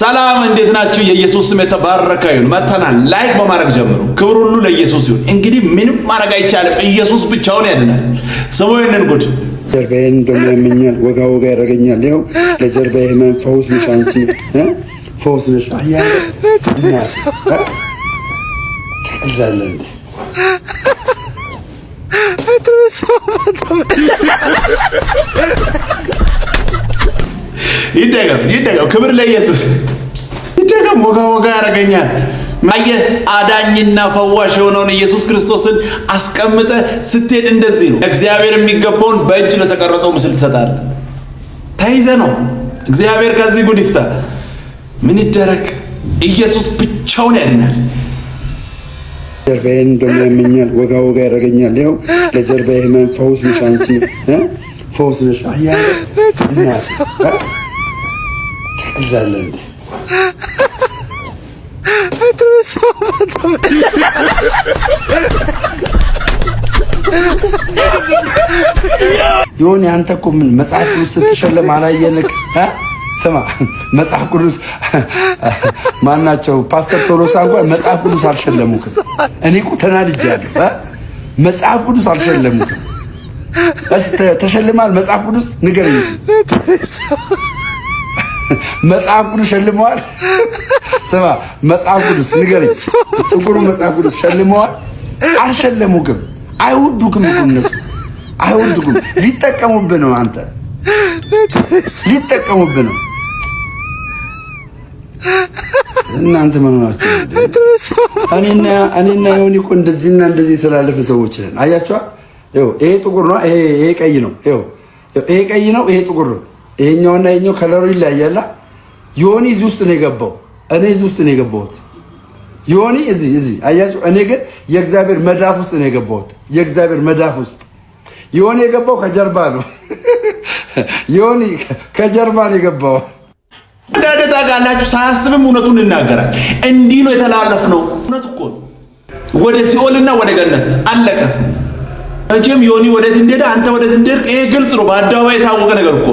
ሰላም እንዴት ናችሁ? የኢየሱስ ስም የተባረከ ይሁን። መተናል ላይክ በማድረግ ጀምሩ። ክብር ሁሉ ለኢየሱስ ይሁን። እንግዲህ ምንም ማድረግ አይቻልም። ኢየሱስ ብቻውን ያድናል። ስሙ ይህንን ጉድ። ጀርባዬን እንደውም ያመኛል፣ ወጋ ወጋ ያደርገኛል። ይኸው ለጀርባዬ ህመም ፈውስ ነሽ አንቺ፣ ፈውስ ነሽ ያለ ይደገም ይደገም። ክብር ለኢየሱስ ይደገም። ወጋ ወጋ ያደርገኛል። አየህ አዳኝና ፈዋሽ የሆነውን ኢየሱስ ክርስቶስን አስቀምጠ ስትሄድ እንደዚህ ነው። እግዚአብሔር የሚገባውን በእጅ ለተቀረጸው ምስል ትሰጣል። ተይዘ ነው። እግዚአብሔር ከዚህ ጉድ ይፍታ። ምን ይደረግ? ኢየሱስ ብቻውን ያድናል። ጀርባዬን ደግሞ ያመኛል፣ ወጋ ወጋ ያደርገኛል። ያው ለጀርባዬ ህመም ፈውስ ነሽ አንቺ፣ ፈውስ ነሽ እንላለን። የሆነ አንተ እኮ ምን መጽሐፍ ቅዱስ ስትሸለም አላየንክ? ስማ መጽሐፍ ቅዱስ ማናቸው? ፓስተር ቶሎሳ እንኳን መጽሐፍ ቅዱስ አልሸለሙክም። እኔ እኮ ተናድጃለሁ። መጽሐፍ ቅዱስ አልሸለሙክም። ተሸልማል? መጽሐፍ ቅዱስ ንገረኝ። መጽሐፍ ቅዱስ ሸልመዋል። ስማ መጽሐፍ ቅዱስ ንገረኝ፣ ጥቁሩ መጽሐፍ ቅዱስ ሸልመዋል? አልሸለሙክም። አይወዱክም እኮ እነሱ አይወዱክም። ሊጠቀሙብህ ነው፣ አንተ ሊጠቀሙብህ ነው። እናንተ ምን ሆናችሁ? እኔና እኔና የሆነ እኮ እንደዚህና እንደዚህ የተላለፈ ሰዎች ነን። አያችኋ? ይሄ ጥቁር ነው፣ ይሄ ቀይ ነው፣ ይሄ ቀይ ነው፣ ይሄ ጥቁር ነው ይሄኛውና ይሄኛው ከለሩ ይለያያላ። ዮኒ እዚህ ውስጥ ነው የገባው፣ እኔ እዚህ ውስጥ ነው የገባሁት። ዮኒ እዚህ እዚህ አያችሁ። እኔ ግን የእግዚአብሔር መዳፍ ውስጥ ነው የገባሁት። የእግዚአብሔር መዳፍ ውስጥ ዮኒ የገባው ከጀርባ ነው። ዮኒ ከጀርባ ነው የገባው። እንዳደ ታውቃላችሁ፣ ሳያስብም እውነቱን ይናገራል። እንዲህ ነው የተላለፍ ነው። እውነት እኮ ወደ ሲኦልና ወደ ገነት አለቀ። መቼም ዮኒ ወዴት እንደሄደ አንተ ወዴት እንደሄድክ ይሄ ግልጽ ነው። በአደባባይ የታወቀ ነገር እኮ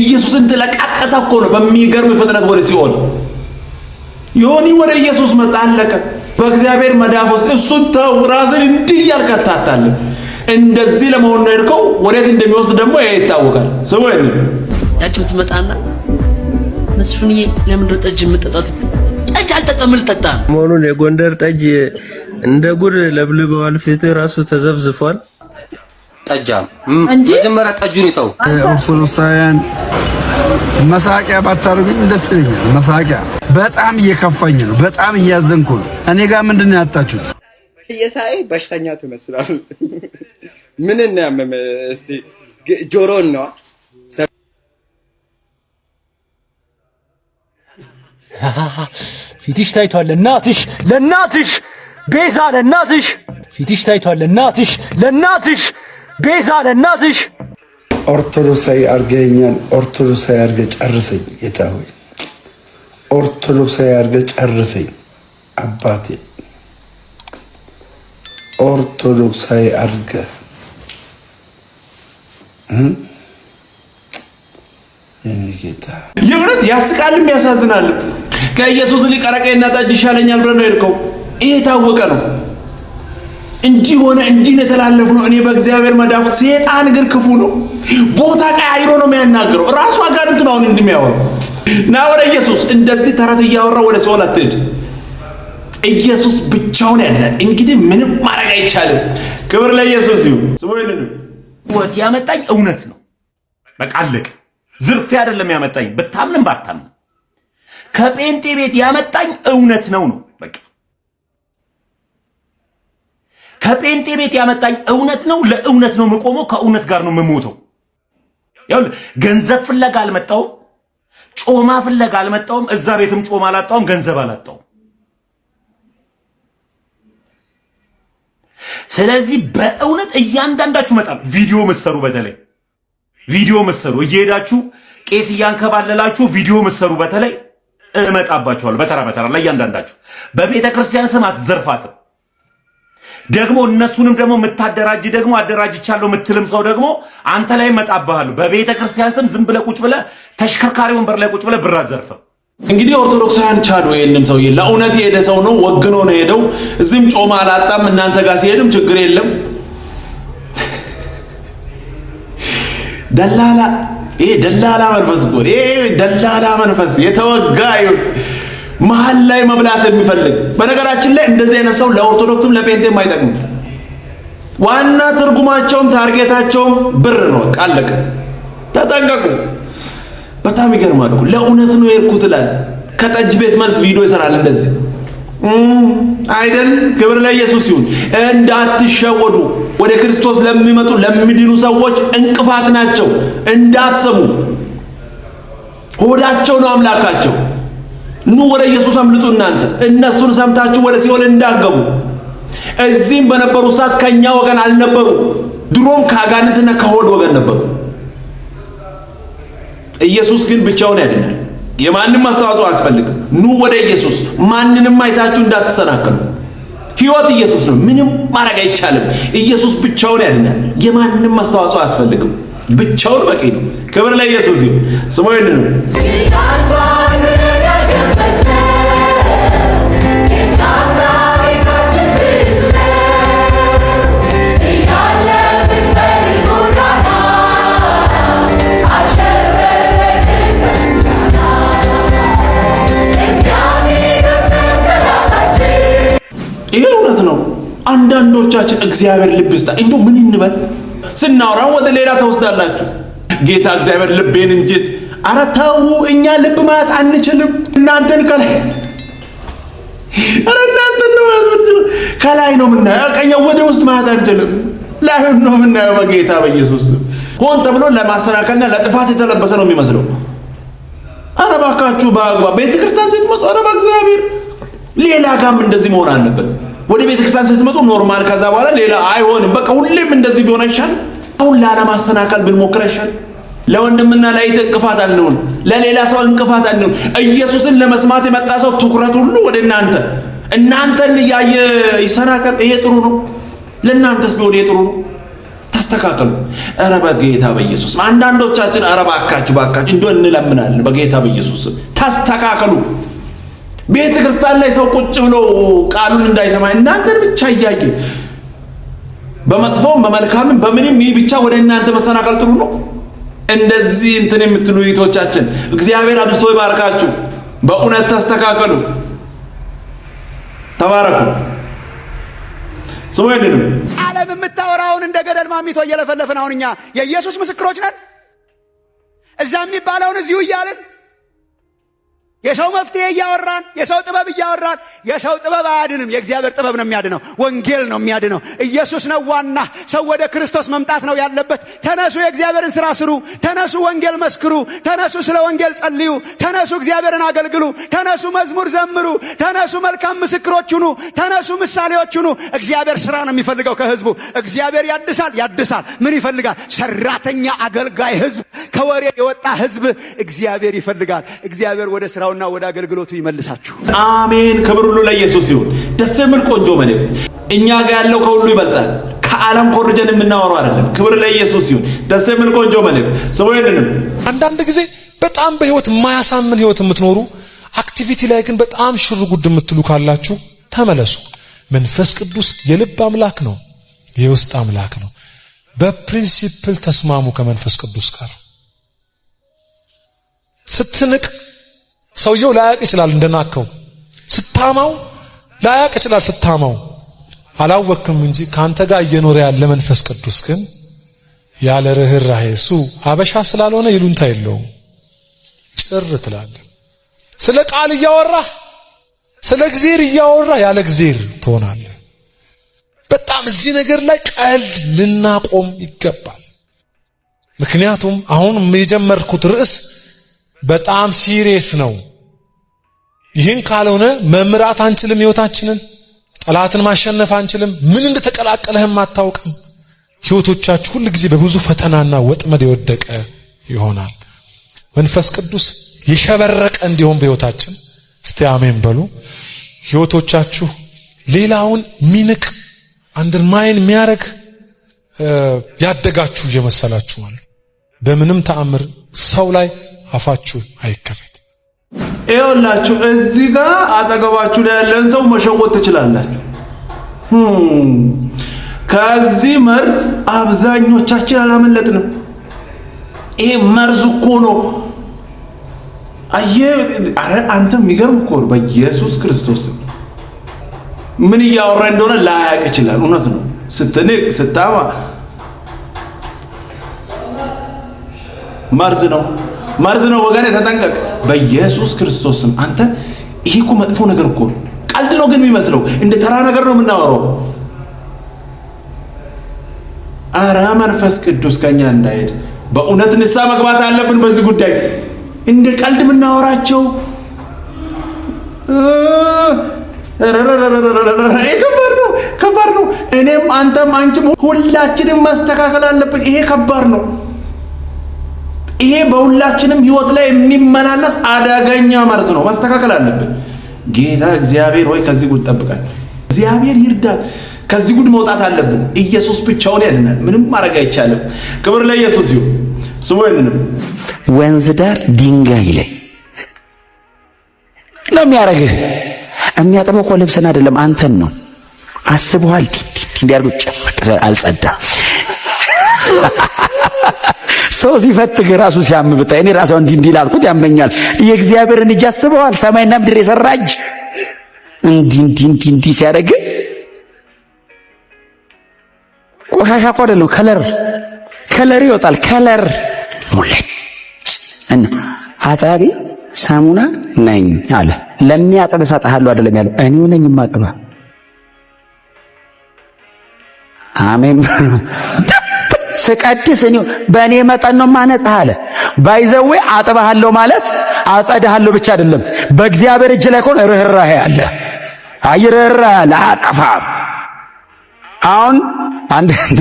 ኢየሱስን ተለቃቀጠ እኮ ነው። በሚገርም ፍጥነት ወደ ሲኦል ዮኒ ወደ ኢየሱስ መጣ። አለቀ። በእግዚአብሔር መዳፍ ውስጥ እሱን ተው። ራስን እንዲህ ያልከታታለን እንደዚህ ለመሆን ነው የሄድከው። ወዴት እንደሚወስድ ደግሞ ይሄ ይታወቃል። ስሙ ይሄን ያቺ ምትመጣና መስፍንዬ ለምንድን ጠጅ የምጠጣት ጠጅ አልጠጣም ልጠጣ መሆኑን የጎንደር ጠጅ እንደ ጉድ ለብልበዋል። ፊት ራሱ ተዘብዝፏል። ጠጃ መጀመሪያ ጠጁን ይተው። ኦርቶዶክሳውያን መሳቂያ ባታደርጉኝ ደስ ይለኛል። መሳቂያ በጣም እየከፋኝ ነው። በጣም እያዘንኩ ነው። እኔ ጋር ምንድን ነው ያጣችሁት? እየሳይ በሽተኛ ትመስላል። ምን ነው ያመመ? እስቲ ጆሮን ነው ፊትሽ ታይቷል። ለእናትሽ ለእናትሽ ቤዛ ለእናትሽ ፊትሽ ታይቷል። ለእናትሽ ለእናትሽ ቤዛ ለእናትሽ ኦርቶዶክሳዊ አርገኛል። ኦርቶዶክሳዊ አርገ ጨርሰኝ፣ ጌታ ሆይ ኦርቶዶክሳዊ አርገ ጨርሰኝ አባቴ ኦርቶዶክሳዊ አርገ የኔ ጌታ የእውነት ያስቃልም ያሳዝናል። ከኢየሱስ ሊቀረቀ አረቄና ጠጅ ይሻለኛል ብለህ ነው የሄድከው። ይሄ ታወቀ ነው። እንዲህ ሆነ፣ እንዲህ የተላለፍ ነው። እኔ በእግዚአብሔር መዳፍ። ሴጣን ግን ክፉ ነው። ቦታ ቀያይሮ ነው የሚያናግረው። ራሱ አጋንንት ነው አሁን እንደሚያወሩ ና ወደ ኢየሱስ። እንደዚህ ተረት እያወራ ወደ ሰው አትሄድ። ኢየሱስ ብቻውን ያድናል። እንግዲህ ምንም ማድረግ አይቻልም። ክብር ለኢየሱስ ይሁን። ህይወት ያመጣኝ እውነት ነው። በቃ አለቅ። ዝርፊያ አይደለም ያመጣኝ፣ ብታምንም ባታምን ከጴንጤ ቤት ያመጣኝ እውነት ነው ነው ከጴንጤ ቤት ያመጣኝ እውነት ነው። ለእውነት ነው የምቆመው። ከእውነት ጋር ነው የምሞተው። ገንዘብ ፍለጋ አልመጣውም። ጮማ ፍለጋ አልመጣውም። እዛ ቤትም ጮማ አላጣውም፣ ገንዘብ አላጣውም። ስለዚህ በእውነት እያንዳንዳችሁ መጣም ቪዲዮ መሰሩ፣ በተለይ ቪዲዮ መሰሩ፣ እየሄዳችሁ ቄስ እያንከባለላችሁ ቪዲዮ መሰሩ። በተለይ እመጣባችኋለሁ፣ በተራ በተራ ላይ በቤተ ክርስቲያን ስም አትዘርፋትም። ደግሞ እነሱንም ደግሞ የምታደራጅ ደግሞ አደራጅቻለሁ የምትልም ሰው ደግሞ አንተ ላይ መጣባሃሉ። በቤተ ክርስቲያን ስም ዝም ብለህ ቁጭ ብለህ ተሽከርካሪ ወንበር ላይ ቁጭ ብለህ ብር አትዘርፍም። እንግዲህ ኦርቶዶክሳውያን ቻሉ። ይህንም ሰውዬ ለእውነት የሄደ ሰው ነው፣ ወግኖ ነው የሄደው። እዚህም ጮማ አላጣም። እናንተ ጋር ሲሄድም ችግር የለም። ደላላ ይሄ ደላላ መንፈስ ደላላ መንፈስ የተወጋ መሀል ላይ መብላት የሚፈልግ በነገራችን ላይ እንደዚህ አይነት ሰው ለኦርቶዶክስም ለጴንጤም አይጠቅም። ዋና ትርጉማቸውም ታርጌታቸውም ብር ነው። ቃለቀ ተጠንቀቁ። በጣም ይገርማል ለእውነት ነው የሄድኩት እላል። ከጠጅ ቤት መልስ ቪዲዮ ይሰራል እንደዚህ አይደል? ክብር ለኢየሱስ ይሁን። እንዳትሸወዱ ወደ ክርስቶስ ለሚመጡ ለሚድኑ ሰዎች እንቅፋት ናቸው። እንዳትሰሙ ሆዳቸው ነው አምላካቸው። ኑ ወደ ኢየሱስ አምልጡ እናንተ እነሱን ሰምታችሁ ወደ ሲኦል እንዳገቡ እዚህም በነበሩ ሰዓት ከኛ ወገን አልነበሩ። ድሮም ከአጋንንትና ከሆድ ወገን ነበሩ። ኢየሱስ ግን ብቻውን ያድናል። የማንም አስተዋጽኦ አያስፈልግም። ኑ ወደ ኢየሱስ። ማንንም አይታችሁ እንዳትሰናከሉ። ሕይወት ኢየሱስ ነው። ምንም ማድረግ አይቻልም። ኢየሱስ ብቻውን ያድናል። የማንም አስተዋጽኦ አያስፈልግም። ብቻውን በቂ ነው። ክብር ለኢየሱስ ይሁን። ስሙ አንዳንዶቻችን እግዚአብሔር ልብ ስጣ እንዶ ምን እንበል ስናወራም ወደ ሌላ ተወስዳላችሁ። ጌታ እግዚአብሔር ልቤን እንጂ ኧረ ተው፣ እኛ ልብ ማለት አንችልም። እናንተን ከላይ ኧረ እናንተን ነው ከላይ ነው የምናየው፣ ቀኛ ወደ ውስጥ ማለት አንችልም። ላይ ነው የምናየው። በጌታ በኢየሱስ ሆን ተብሎ ለማሰናከልና ለጥፋት የተለበሰ ነው የሚመስለው። ኧረ እባካችሁ በአግባብ ቤተክርስቲያን ስትመጡ፣ ኧረ በእግዚአብሔር ሌላ ጋም እንደዚህ መሆን አለበት። ወደ ቤተክርስቲያን ስትመጡ ኖርማል፣ ከዛ በኋላ ሌላ አይሆንም። በቃ ሁሌም እንደዚህ ቢሆን አይሻል? አሁን ላለማሰናከል ብንሞክር አይሻል? ለወንድምና ላይ እንቅፋት አንሆን፣ ለሌላ ሰው እንቅፋት አንሆን። ኢየሱስን ለመስማት የመጣ ሰው ትኩረት ሁሉ ወደ እናንተ እናንተን እያየ ይሰናከል። ይሄ ጥሩ ነው? ለእናንተስ ቢሆን ይሄ ጥሩ ነው? ተስተካከሉ። ኧረ በጌታ በኢየሱስ አንዳንዶቻችን ኧረ እባካችሁ እባካችሁ እንዲሁ እንለምናለን። በጌታ በኢየሱስ ተስተካከሉ። ቤተ ክርስቲያን ላይ ሰው ቁጭ ብሎ ቃሉን እንዳይሰማ እናንተን ብቻ እያየ በመጥፎም በመልካምም በምንም ይህ ብቻ ወደ እናንተ መሰናከል ጥሩ ነው። እንደዚህ እንትን የምትሉ ይቶቻችን እግዚአብሔር አብዝቶ ይባርካችሁ። በእውነት ተስተካከሉ፣ ተባረኩ። ስሙ ይድንም ዓለም የምታወራውን እንደ ገደል ማሚቶ እየለፈለፍን አሁን እኛ የኢየሱስ ምስክሮች ነን እዛ የሚባለውን እዚሁ እያልን የሰው መፍትሄ እያወራን የሰው ጥበብ እያወራን፣ የሰው ጥበብ አያድንም። የእግዚአብሔር ጥበብ ነው የሚያድነው። ወንጌል ነው የሚያድነው። ኢየሱስ ነው ዋና። ሰው ወደ ክርስቶስ መምጣት ነው ያለበት። ተነሱ፣ የእግዚአብሔርን ስራ ስሩ። ተነሱ፣ ወንጌል መስክሩ። ተነሱ፣ ስለ ወንጌል ጸልዩ። ተነሱ፣ እግዚአብሔርን አገልግሉ። ተነሱ፣ መዝሙር ዘምሩ። ተነሱ፣ መልካም ምስክሮች ሁኑ። ተነሱ፣ ምሳሌዎች ሁኑ። እግዚአብሔር ስራ ነው የሚፈልገው ከህዝቡ። እግዚአብሔር ያድሳል፣ ያድሳል። ምን ይፈልጋል? ሰራተኛ፣ አገልጋይ ህዝብ፣ ከወሬ የወጣ ህዝብ እግዚአብሔር ይፈልጋል። እግዚአብሔር ወደ ስራው ወደስራውና ወደ አገልግሎቱ ይመልሳችሁ። አሜን። ክብር ሁሉ ለኢየሱስ ይሁን። ደስ የሚል ቆንጆ መልእክት። እኛ ጋር ያለው ከሁሉ ይበልጣል። ከዓለም ኮርጀን የምናወረው አይደለም። ክብር ለኢየሱስ ይሁን። ደስ የሚል ቆንጆ መልእክት። ሰው ይንንም አንዳንድ ጊዜ በጣም በህይወት የማያሳምን ህይወት የምትኖሩ አክቲቪቲ ላይ ግን በጣም ሽር ጉድ የምትሉ ካላችሁ ተመለሱ። መንፈስ ቅዱስ የልብ አምላክ ነው፣ የውስጥ አምላክ ነው። በፕሪንሲፕል ተስማሙ ከመንፈስ ቅዱስ ጋር ስትንቅ ሰውየው ላያቅ ይችላል እንደናከው ስታማው ላያቅ ይችላል ስታማው አላወክም እንጂ ካንተ ጋር እየኖረ ያለ መንፈስ ቅዱስ ግን ያለ ርህራሄ እሱ አበሻ ስላልሆነ ይሉንታ የለውም። ጭር ትላለ ስለ ቃል እያወራህ ስለ እግዜር እያወራህ ያለ እግዜር ትሆናለ በጣም እዚህ ነገር ላይ ቀልድ ልናቆም ይገባል። ምክንያቱም አሁን የጀመርኩት ርዕስ በጣም ሲሪየስ ነው። ይህን ካልሆነ መምራት አንችልም። ህይወታችንን ጠላትን ማሸነፍ አንችልም። ምን እንደተቀላቀለህም አታውቅም። ህይወቶቻችሁ ሁል ጊዜ በብዙ ፈተናና ወጥመድ የወደቀ ይሆናል። መንፈስ ቅዱስ የሸበረቀ እንዲሆን በህይወታችን እስቲ አሜን በሉ። ህይወቶቻችሁ ሌላውን ሚንቅ አንድርማይን የሚያደርግ ያደጋችሁ እየመሰላችሁ ማለት በምንም ተአምር ሰው ላይ አፋችሁ አይከፈት። ይኸውላችሁ እዚህ ጋር አጠገባችሁ ላይ ያለን ሰው መሸወት ትችላላችሁ። ከዚህ መርዝ አብዛኞቻችን አላመለጥንም። ይሄ መርዝ እኮ ነው። አየህ፣ አረ አንተ የሚገርም እኮ ነው። በኢየሱስ ክርስቶስ ምን እያወራ እንደሆነ ላያቅ ይችላል። እውነት ነው። ስትንቅ ስታማ መርዝ ነው፣ መርዝ ነው ወገኔ፣ ተጠንቀቅ። በኢየሱስ ክርስቶስም አንተ ይሄ እኮ መጥፎ ነገር እኮ ቀልድ ነው ግን የሚመስለው እንደ ተራ ነገር ነው የምናወራው። አረ መንፈስ ቅዱስ ከኛ እንዳይሄድ በእውነት ንሳ መግባት አለብን። በዚህ ጉዳይ እንደ ቀልድ የምናወራቸው ከባድ ነው፣ ከባድ ነው። እኔም አንተም አንችም ሁላችንም ማስተካከል አለብን። ይሄ ከባድ ነው። ይሄ በሁላችንም ህይወት ላይ የሚመላለስ አደገኛ መርዝ ነው። ማስተካከል አለብን። ጌታ እግዚአብሔር ሆይ ከዚህ ጉድ ጠብቀን። እግዚአብሔር ይርዳል። ከዚህ ጉድ መውጣት አለብን። ኢየሱስ ብቻውን ያድናል። ምንም ማድረግ አይቻልም። ክብር ለኢየሱስ ይሁን። ይንንም ወንዝ ዳር ድንጋይ ላይ ነው የሚያረግህ። የሚያጥበው እኮ ልብስን አይደለም አንተን ነው። አስበዋል። እንዲያርጉ ጨመቅ አልጸዳ ሰው ሲፈትግ ራሱ ሲያም እኔ ራሱ እንዲህ እንዲህ ላልኩት ያመኛል። የእግዚአብሔርን እጅ አስበዋል። ሰማይና ምድር የሰራ እጅ እንዲህ እንዲህ እንዲህ እንዲህ ሲያደርግ ቆሻሻ እኮ አይደለም፣ ከለር ከለር ይወጣል። ከለር ሙለጭ እና አጣቢ ሳሙና ነኝ አለ። ለሚያጥብ እሰጥሃለሁ አይደለም ያለው፣ እኔው ነኝ የማጥባ። አሜን ስቀድስ እኔ በእኔ መጠን ነው ማነጻህ አለ። ባይዘዌ አጥባሃለሁ ማለት አጸዳሃለሁ ብቻ አይደለም። በእግዚአብሔር እጅ ላይ ከሆነ ርኅራኄ አለ። አይ ርኅራኄ አለ፣ አያጠፋም። አሁን አንዳንዴ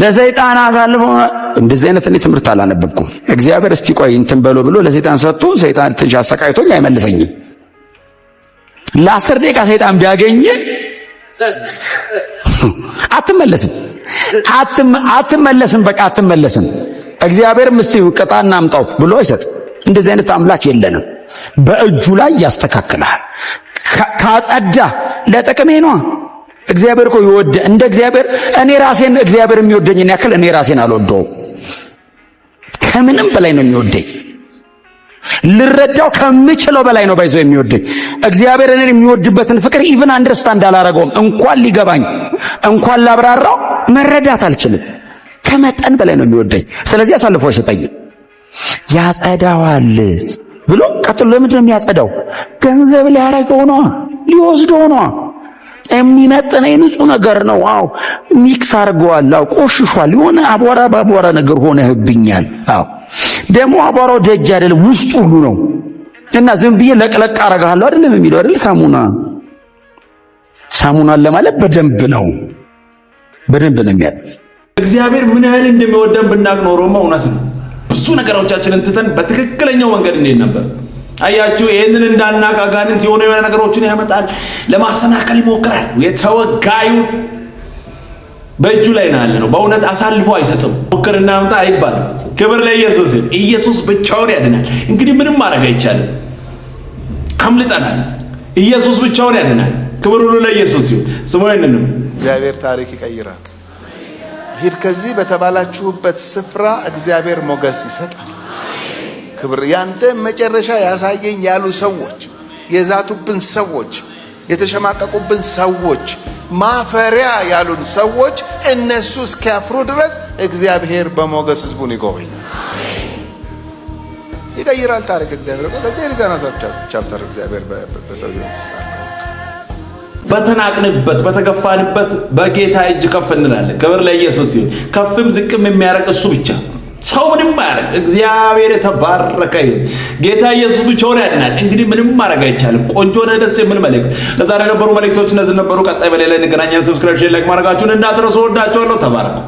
ለሰይጣን አሳልፎ እንደዚህ አይነት እኔ ትምህርት አላነበብኩም። እግዚአብሔር እስቲ ቆይ እንትን በሎ ብሎ ለሰይጣን ሰጥቶ ሰይጣን ትንሽ አሰቃይቶኝ አይመልሰኝም። ለአስር ደቂቃ ሰይጣን ቢያገኝ አትመለስም፣ አትመለስም፣ በቃ አትመለስም። እግዚአብሔር ምስቲ ቅጣ አምጣው ብሎ አይሰጥ። እንደዚህ አይነት አምላክ የለንም። በእጁ ላይ ያስተካክላል። ካጸዳ ለጥቅሜ ነዋ። እግዚአብሔር እኮ ይወደ እንደ እግዚአብሔር እኔ ራሴን እግዚአብሔር የሚወደኝን ያክል እኔ ራሴን አልወደውም። ከምንም በላይ ነው የሚወደኝ። ልረዳው ከምችለው በላይ ነው ባይዞ የሚወደኝ እግዚአብሔር እኔን የሚወድበትን ፍቅር ኢቭን አንደርስታንድ አላረገውም። እንኳን ሊገባኝ እንኳን ላብራራው መረዳት አልችልም። ከመጠን በላይ ነው የሚወደኝ። ስለዚህ አሳልፎ አይሰጠኝ፣ ያጸዳዋል ብሎ ቀጥሎ ለምንድን ነው የሚያጸዳው? ገንዘብ ሊያረገው ነ ሊወስደው ነዋ። የሚመጥነ ንጹህ ነገር ነው። አዎ ሚክስ አድርገዋል። አዎ ቆሽሿል። የሆነ አቧራ በአቧራ ነገር ሆነህብኛል። አዎ ደግሞ አቧራው ደጅ አይደለም ውስጡ ሁሉ ነው። እና ዝም ብዬ ለቅለቅ አረጋለሁ አይደለም የሚለው አይደል? ሳሙና ሳሙናን ለማለት በደንብ ነው በደንብ ነው የሚያል እግዚአብሔር ምን ያህል እንደሚወደን ብናቅ ኖሮማ እውነት ነው ብዙ ነገሮቻችንን ትተን በትክክለኛው መንገድ እንሄድ ነበር። አያችሁ፣ ይህንን እንዳናቅ አጋንንት የሆነ የሆነ ነገሮችን ያመጣል፣ ለማሰናከል ይሞክራል። የተወጋዩ በእጁ ላይ ነው ያለ ነው። በእውነት አሳልፎ አይሰጥም። ሞክርና አምጣ አይባልም። ክብር ለኢየሱስ። ኢየሱስ ብቻውን ያድናል። እንግዲህ ምንም ማድረግ አይቻልም። አምልጠናል። ኢየሱስ ብቻውን ያድናል። ክብር ሁሉ ለኢየሱስ ይሁን። ስሙ እግዚአብሔር ታሪክ ይቀይራል። ሂድ ከዚህ በተባላችሁበት ስፍራ እግዚአብሔር ሞገስ ይሰጣል። ክብር ያንተ መጨረሻ ያሳየኝ ያሉ ሰዎች የዛቱብን ሰዎች የተሸማቀቁብን ሰዎች ማፈሪያ ያሉን ሰዎች እነሱ እስኪያፍሩ ድረስ እግዚአብሔር በሞገስ ህዝቡን ይጎበኛል፣ ይቀይራል። ታሪክ እግዚአብሔር ዛና ቻፕተር እግዚአብሔር በሰው ህይወት ውስጥ በተናቅንበት በተገፋንበት በጌታ እጅ ከፍ እንላለን። ክብር ለኢየሱስ ይሁን። ከፍም ዝቅም የሚያደርግ እሱ ብቻ ሰው ምንም አያደርግ። እግዚአብሔር የተባረከ ይሁን። ጌታ ኢየሱስ ብቻውን ያድናል። እንግዲህ ምንም ማድረግ አይቻልም። ቆንጆ ሆነ ደስ የምን መልእክት። ለዛሬ የነበሩ መልእክቶች እነዚህ ነበሩ። ቀጣይ በሌላ እንገናኛለን። ሰብስክራይብ፣ ሼር፣ ላይክ ማድረጋችሁን እንዳትረሱ። ወዳችኋለሁ። ተባረኩ።